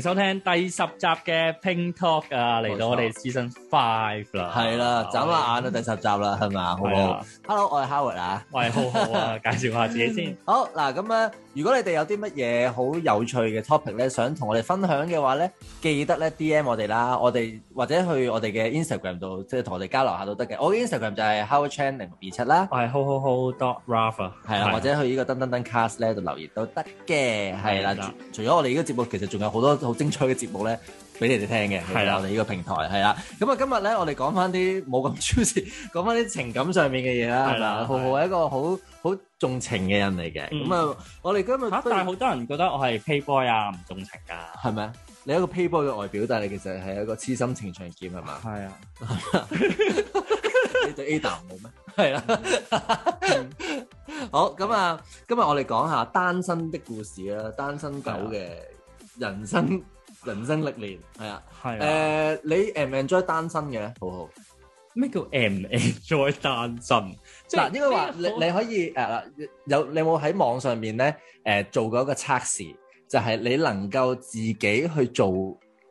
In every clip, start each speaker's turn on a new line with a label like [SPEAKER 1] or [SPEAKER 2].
[SPEAKER 1] 收聽第十集嘅 Ping Talk 啊，嚟到我哋 Season Five 啦，係啦，眨下眼就第十集啦，係嘛，好唔好
[SPEAKER 2] ？Hello，我係 Howard 啊，我係浩浩啊，介紹下自己先。好嗱，咁啊，如果你哋有啲乜嘢好有趣嘅 topic 咧，想同我哋分享嘅話咧，記得咧 DM 我哋啦，我哋或者去我哋嘅 Instagram 度，即係同我哋交流下都得嘅。我嘅 Instagram 就係 HowardChannel 二七啦，我
[SPEAKER 1] 係浩浩浩 dotRafa，
[SPEAKER 2] 係啊，或者去呢個噔
[SPEAKER 1] 噔噔 Cast 咧度留言都
[SPEAKER 2] 得嘅，係啦。除咗我哋呢個節目，其實仲有好多。好精彩嘅節目咧，俾你哋聽嘅係啦，我哋呢個平台係啦。咁啊，今日咧，我哋講翻啲冇咁專業，講翻啲情感上面嘅嘢啦。係啦，浩浩係一個好好重情嘅人嚟嘅。咁啊，我哋今日吓，但係好多人覺得我係 pay boy 啊，唔重情噶，係咪啊？你一個 pay boy 嘅外表，但係你其實係一個痴心情長劍，係嘛？係啊，你對 Ada 唔好咩？係啊。好，咁啊，今日我哋講下單身的故事啊，單身狗嘅。人生人生歷練係啊，係啊。誒，你誒 enjoy 單身嘅，
[SPEAKER 1] 好好。咩叫 enjoy 單身？嗱，應該話你你
[SPEAKER 2] 可以誒有你有冇喺網上面咧誒做過一個測試，就係你能夠自己去做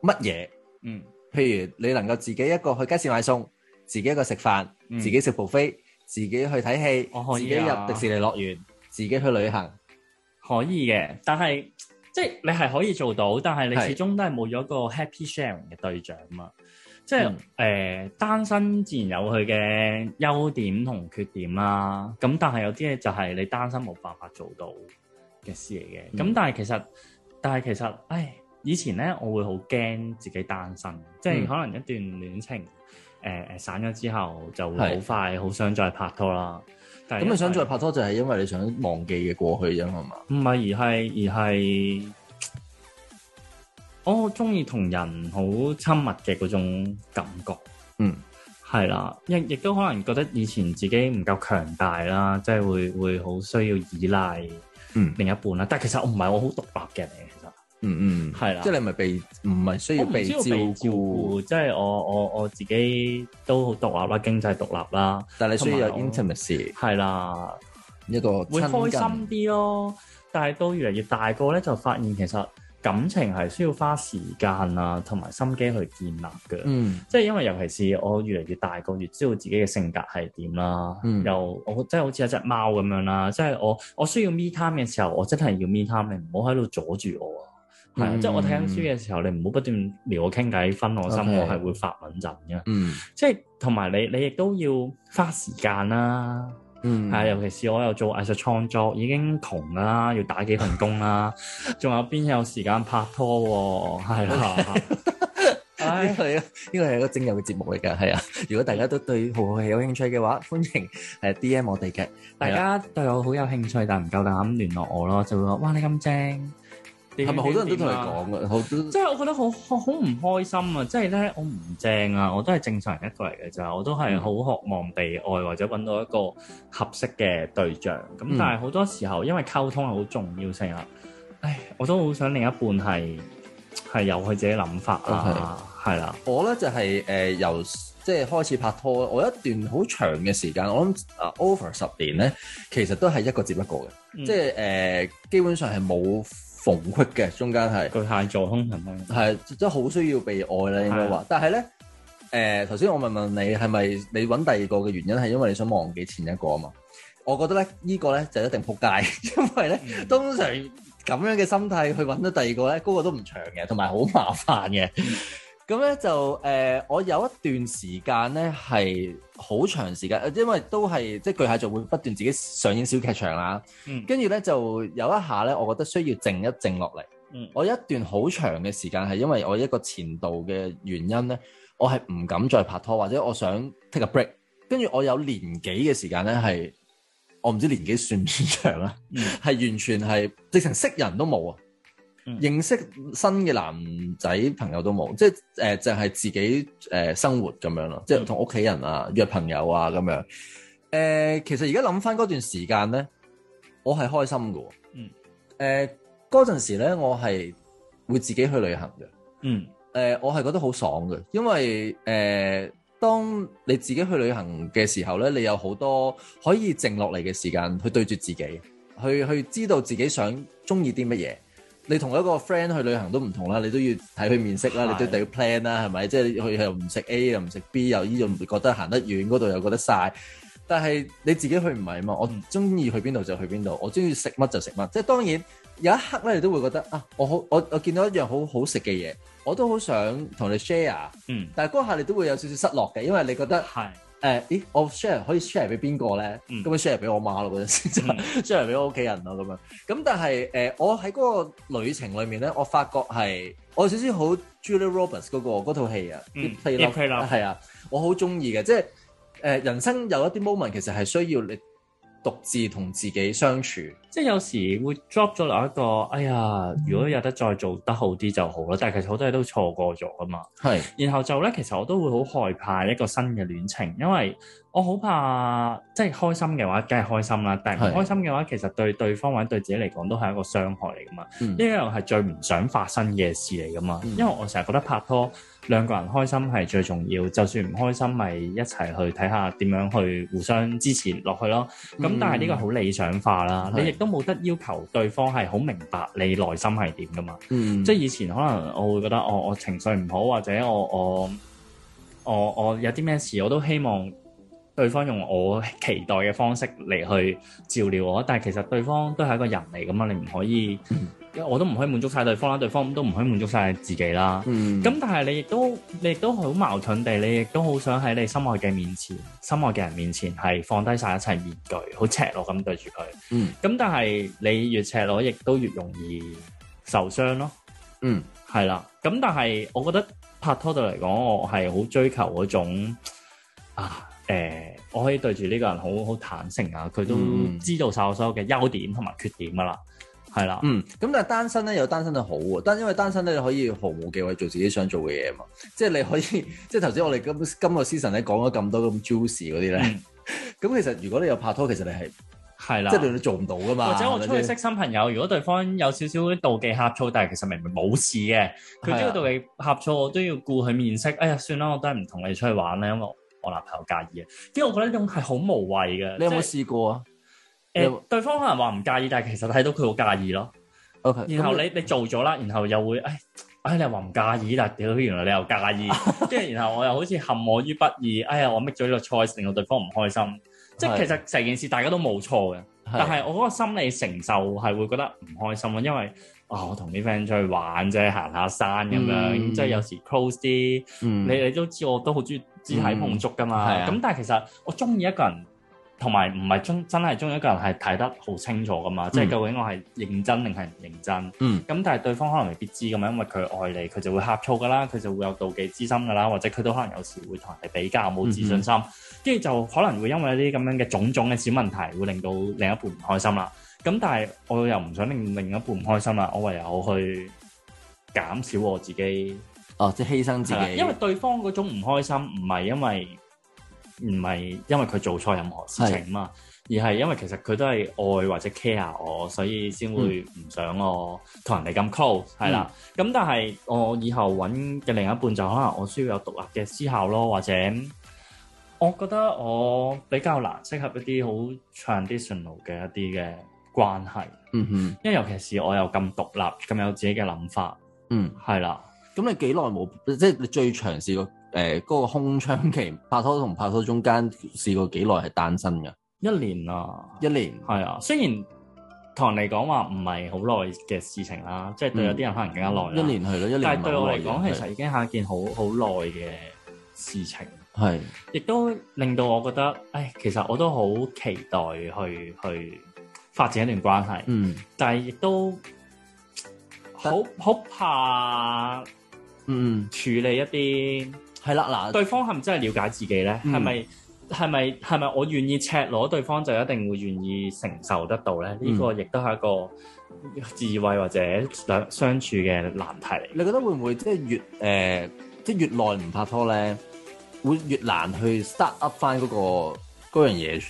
[SPEAKER 2] 乜嘢？嗯，譬如你能夠自己一個去街市買餸，自己一個食飯，自己食 buffet，自己去睇戲，
[SPEAKER 1] 自己入迪士尼樂園，自己去旅行，可以嘅。但係即係你係可以做到，但係你始終都係冇咗個 happy share 嘅對象嘛。是即係誒、嗯呃、單身自然有佢嘅優點同缺點啦，啊。咁但係有啲嘢就係你單身冇辦法做到嘅事嚟嘅。咁、嗯、但係其實，但係其實，唉，以前咧我會好驚自己單身，即係可能一段戀情。嗯嗯誒誒、呃、散咗之後就會好快好的想再拍拖啦。但係、咁你想
[SPEAKER 2] 再拍拖就係因為你想忘記嘅過去啫嘛？
[SPEAKER 1] 唔係，而係而係我好中意同人好親密嘅嗰種感覺。嗯，係啦，亦亦都可能覺得以前自己唔夠強大啦，即係會會好需要依賴、嗯、另一半啦。但係其實我唔係我好獨立嘅人。嗯嗯，係、嗯、啦，即係你咪被唔係需要被,被照顧，即係我我我自己都好獨立啦，經濟獨立啦，但係需要有 intimacy，係啦，一個會開心啲咯。但係到越嚟越大個咧，就發現其實感情係需要花時間啊，同埋心機去建立嘅。嗯，即係因為尤其是我越嚟越大個越知道自己嘅性格係點啦。嗯、又我即係好似一隻貓咁樣啦、啊，即係我我需要 me time 嘅時候，我真係要 me time，你唔好喺度阻住我啊。係啊，即係我睇緊書嘅時候，你唔好不斷撩我傾偈，分我心，我係會發忟憎嘅。嗯，即係同埋你，你亦都要花時間啦。嗯，係啊，尤其是我又做藝術創作，已經窮啦，要打幾份工啦，仲有邊有時間拍拖？係啊，
[SPEAKER 2] 呢個呢個係一個精友嘅節目嚟㗎，係啊。如果大家都對好好戲有興趣嘅話，poetry，歡迎誒 DM 我哋
[SPEAKER 1] 嘅。大家對我好有興趣，但唔夠膽聯絡我咯，就會話：哇，你咁精！係咪好多人都同你講嘅？即係我覺得好好唔開心啊！即係咧，我唔正啊，我都係正常人一個嚟嘅咋。我都係好渴望被愛，或者揾到一個合適嘅對象。咁但係好多時候，因為溝通係好重要性啊。唉，我都好想另一半係係有佢自己諗法啦。係啦 Okay. 了，我咧就係、
[SPEAKER 2] 是、誒、呃、由即係開始拍拖。我一段好長嘅時間，我諗啊 over 十年咧，其實都係一個接一個嘅，嗯、即係誒、呃、基本上係冇。逢缺嘅中間係佢太座空人啦，係即係好需要被愛咧，應該話。的但係咧，誒頭先我問問你係咪你揾第二個嘅原因係因為你想忘記前一個啊嘛？我覺得咧呢、呢個咧就一定撲街，因為咧、嗯、通常咁樣嘅心態去揾到第二個咧，嗰、嗰個都唔長嘅，同埋好麻煩嘅。嗯咁咧就誒、呃，我有一段時間咧係好長時間，因為都係即係巨蟹座會不斷自己上演小劇場啦。嗯，跟住咧就有一下咧，我覺得需要靜一靜落嚟。嗯，我一段好長嘅時間係因為我一個前度嘅原因咧，我係唔敢再拍拖，或者我想 take a break。跟住我有年幾嘅時間咧係，我唔知年幾算唔算長啊？係、嗯、 完全係直情識人都冇啊！認識新嘅男仔朋友都冇，即係誒，就、呃、係自己誒、呃、生活咁樣咯，即係同屋企人啊，約朋友啊咁樣。誒、呃，其實而家諗翻嗰段時間咧，我係開心噶。嗯、呃。誒，嗰陣時咧，我係會自己去旅行嘅。嗯。誒、呃，我係覺得好爽嘅，因為誒、呃，當你自己去旅行嘅時候咧，你有好多可以靜落嚟嘅時間去對住自己，去去知道自己想中意啲乜嘢。你同一個 friend 去旅行都唔同啦，你都要睇佢面色啦，的你都要 plan 啦，係咪？即係佢又唔食 A 又唔食 B，又依度覺得行得遠，嗰度又覺得晒。但係你自己去唔係啊嘛，我唔中意去邊度就去邊度，我中意食乜就食乜。即係當然有一刻咧，你都會覺得啊，我好我我見到一樣好好食嘅嘢，我都好想同你 share。嗯，但係嗰下你都會有少少失落嘅，因為你覺得係。誒，咦，我 share 可以 share 俾邊個咧？咁樣 share 俾我媽咯，嗰陣時就 share 俾我屋企人咯，咁樣。咁但係誒、呃，我喺嗰個旅程裏面咧，我發覺係我有少少好 Julia Roberts 嗰、嗰個套戲啊，係啦，係啊，我好中意嘅。即係誒、呃，人生有一啲 moment 其實係需要你。
[SPEAKER 1] 獨自同自己相處，即係有時會 drop 咗落一個，哎呀，如果有得再做得好啲就好啦。但係其實好多嘢都錯過咗噶嘛。係是，然後就咧，其實我都會好害怕一個新嘅戀情，因為我好怕即係開心嘅話，梗係開心啦。但係唔開心嘅話，是其實對對方或者對自己嚟講都係一個傷害嚟噶嘛。呢、嗯、樣係最唔想發生嘅事嚟噶嘛。嗯、因為我成日覺得拍拖。兩個人開心係最重要，就算唔開心，咪、就是、一齊去睇下點樣去互相支持落去咯。咁、嗯、但係呢個好理想化啦，是你亦都冇得要求對方係好明白你內心係點噶嘛。嗯、即係以前可能我會覺得我，我我情緒唔好或者我我我我有啲咩事，我都希望對方用我期待嘅方式嚟去照料我。但係其實對方都係一個人嚟噶嘛，你唔可以。嗯我都唔可以滿足晒對方啦，對方都唔可以滿足晒自己啦。咁、嗯、但係你亦都你亦都好矛盾地，你亦都好想喺你心愛嘅面前，心愛嘅人面前係放低晒一切面具，好赤裸咁對住佢。咁、嗯、但係你越赤裸，亦都越容易受傷咯。嗯，係啦。咁但係我覺得拍拖對嚟講，我係好追求嗰種啊，誒、欸，我可以對住呢個人好好坦誠啊，佢都知道晒我所有嘅優點同埋缺點㗎喇。係啦，嗯，
[SPEAKER 2] 咁但係單身咧有單身嘅好喎、啊，但係因為單身咧，你可以毫無忌諱做自己想做嘅嘢啊嘛，即係你可以，即係頭先我哋今今個 season 咧講咗咁多咁 juicy 嗰啲咧，咁啦其實如果你有拍拖，其實你
[SPEAKER 1] 係係啦，即係、就是、
[SPEAKER 2] 你做唔到噶嘛，或者我出去識新
[SPEAKER 1] 朋友，如果對方有少少啲妒忌呷醋，但係其實明明冇事嘅，佢知道妒忌呷醋，我都要顧佢面色，啊、哎呀算啦，我都係唔同你出去玩咧，因為我男朋友介意啊，即係我覺得呢種係好無謂嘅， 你有冇試即即過啊？你對方可能話唔介意，但係其實睇到佢好介意咯。O Okay , K，然後你你，你做咗啦，然後又會，哎哎你話唔介意，但係屌，原來你又介意，跟住 然後我又好似陷我於不義。哎呀，我 make 咗呢個 choice，令到對方唔開心。即係是其實成件事大家都冇錯嘅，是但係我嗰個心理承受係會覺得唔開心咯。因為啊、哦，我同啲 friend 出去玩啫，行下山咁樣，嗯、即係有時 close 啲。嗯、你你都知，我都好中意知體碰觸噶嘛。咁、嗯、的但係其實我中意一個人。同埋唔係真真係中意一個人係睇得好清楚噶嘛，嗯、即係究竟我係認真定係唔認真？嗯。咁但係對方可能未必知咁樣，因為佢愛你，佢就會呷醋噶啦，佢就會有妒忌之心噶啦，或者佢都可能有時會同人哋比較，冇自信心，跟住、嗯嗯、就可能會因為一啲咁樣嘅種種嘅小問題，會令到另一半唔開心啦。咁但係我又唔想令另一半唔開心啦，我唯有去減少我自己，啊、哦，即係犧牲自己。因為對方嗰種唔開心，唔係因為。唔係因為佢做錯任何事情啊嘛，是而係因為其實佢都係愛或者 care 我，所以先會唔想我同人哋咁 close 係啦。咁、嗯、但係我以後揾嘅另一半就可能我需要有獨立嘅思考咯，或者我覺得我比較難適合一啲好 traditional 嘅一啲嘅關係。嗯哼，因為尤其是我又咁獨立，咁有自己嘅諗法。嗯，係啦的。咁你幾耐冇？即係你最長試過。誒嗰、呃那個空窗期，拍拖同拍拖中間試過幾耐係單身嘅，一年啊，一年，係啊，雖然同人嚟講話唔係好耐嘅事情啦，嗯、即係對有啲人可能更加耐，一年係咯，一年，對但係對我嚟講，其實已經係一件好好耐嘅事情，係是，亦都令到我覺得，唉，其實我都好期待去去發展一段關係，嗯，但係亦都好好行怕，嗯，處理一啲。係啦，嗱，對方係咪真係了解自己咧？係咪係咪係咪我願意赤裸，對方就一定會願意承受得到咧？呢、嗯、個亦都係一個智慧或者相相處嘅難題嚟。你覺得會唔會即係越誒即係越耐唔拍拖咧，會越難去 start up 翻、那、嗰個嗰樣嘢？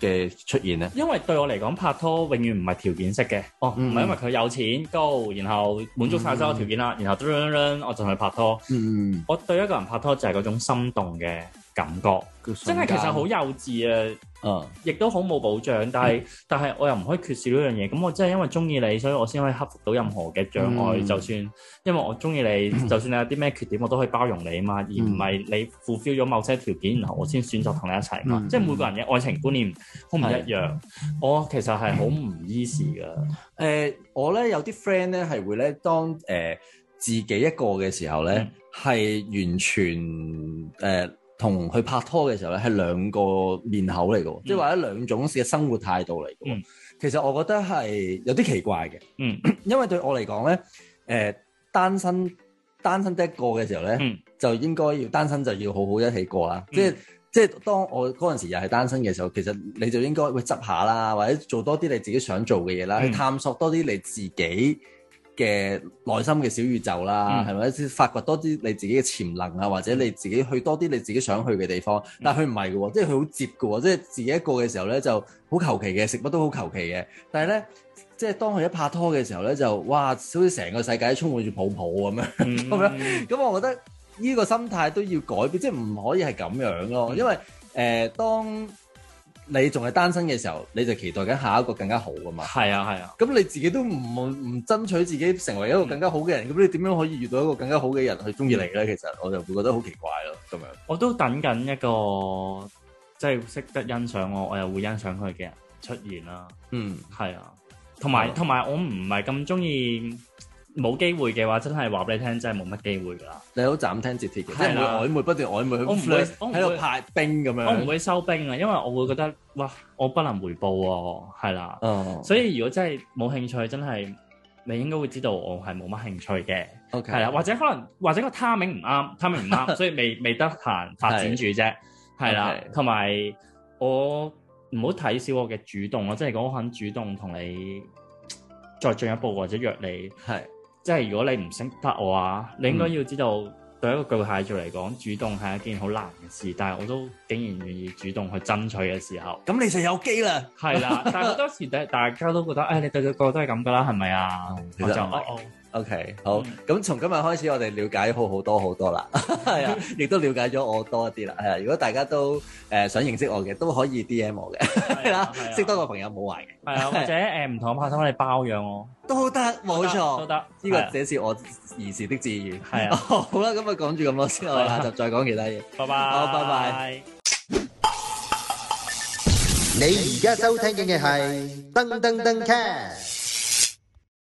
[SPEAKER 1] 嘅出現咧，因為對我嚟講拍拖永遠唔係條件式嘅，哦，唔係、嗯、因為佢有錢高，然後滿足晒所有條件啦，嗯、然後噗噗噗噗我就去拍拖。嗯，我對一個人拍拖就係嗰種心動嘅感覺，真係其實好幼稚啊！嗯，亦都好冇保障，但係但係我又唔可以缺少呢樣嘢，咁我真係因為中意你，所以我先可以克服到任何嘅障礙，就算因為我中意你，就算你有啲咩缺點，我都可以包容你啊嘛，而唔係你 fulfill 咗某些條件，然後我先選擇同你一齊嘛，即係每個人嘅愛情觀念好唔一樣。我其實係好唔 easy 噶，誒，我咧有啲 friend 咧
[SPEAKER 2] 係會咧當誒自己一個嘅時候咧係完全誒。同佢拍拖嘅時候咧，係兩個面口嚟嘅，即係話兩種嘅生活態度嚟嘅。嗯、其實我覺得係有啲奇怪嘅，嗯、因為對我嚟講咧，誒、呃、單身單身得一過嘅時候咧，嗯、就應該要單身就要好好一起過啦。嗯、即係即係當我嗰陣時又係單身嘅時候，其實你就應該會執下啦，或者做多啲你自己想做嘅嘢啦，嗯、去探索多啲你自己嘅內心嘅小宇宙啦，係咪先發掘多啲你自己嘅潛能啊？或者你自己去多啲你自己想去嘅地方。嗯、但係佢唔係嘅喎，即係佢好接嘅喎，即係自己一個嘅時候呢就好求其嘅，食乜都好求其嘅。但係呢，即係當佢一拍拖嘅時候呢，就，呢呢就哇，好似成個世界都充滿住泡泡咁樣咁、嗯、 我覺得呢個心態都要改變，即係唔可以係咁樣咯。嗯、因為誒、呃，當你仲係單身嘅時候，你就期待緊下一個更加好㗎嘛？係啊，係啊。咁你自己都唔唔爭取自己成為一個更加好嘅人，咁、嗯、你點樣可以遇到一個更加好嘅人去中意你呢？嗯、其實我就會覺得好奇怪咯，
[SPEAKER 1] 咁樣。我都等緊一個即係識得欣賞我，我又會欣賞佢嘅人出現啦。嗯，係啊。同埋同埋，我唔係咁中意。冇機會嘅話，真係話俾你聽，真係冇乜機會㗎喇。你好斬釘截鐵嘅，的即係唔會曖昧不斷曖昧去 flex 喺度派兵咁樣。我唔會，會收兵啊，因為我會覺得哇，我不能回報喎、啊，係啦。Oh. 所以如果真係冇興趣，真係你應該會知道我係冇乜興趣嘅。OK。係啦，或者可能或者個 timing 唔啱，timing 唔啱， 所以未未得閒發展住啫。係啦，同埋我唔好睇小我嘅主動咯，即係講我肯主動同你再進一步或者約你係。 即係如果你唔識得我話，你應該要知道、嗯、對一個巨蟹座嚟講，主動係一件好難嘅事。但係我都竟然願意主動去爭取嘅時候，咁你就有機啦。係 啦，但係好多時大大家都覺得，誒、哎、你對個個都係咁噶啦，係咪啊？其、嗯嗯、就。
[SPEAKER 2] OK，好，咁從今日開始我哋了解好好多好多啦，係啊，亦都了解咗我多啲啦，係啊。如果大家都誒想認識我嘅，都可以 DM 我嘅，係啦，識多個朋友冇壞
[SPEAKER 1] 嘅，係啊。或者誒唔同嘅 part time 嚟包養我
[SPEAKER 2] 都得，冇錯，都得。呢個這是我兒時的志願，係啊。好啦，咁啊講住咁多先，我哋下集再講其他嘢。
[SPEAKER 1] 拜拜，好，拜拜。
[SPEAKER 2] 你而家收聽緊嘅係噔噔噔 cast。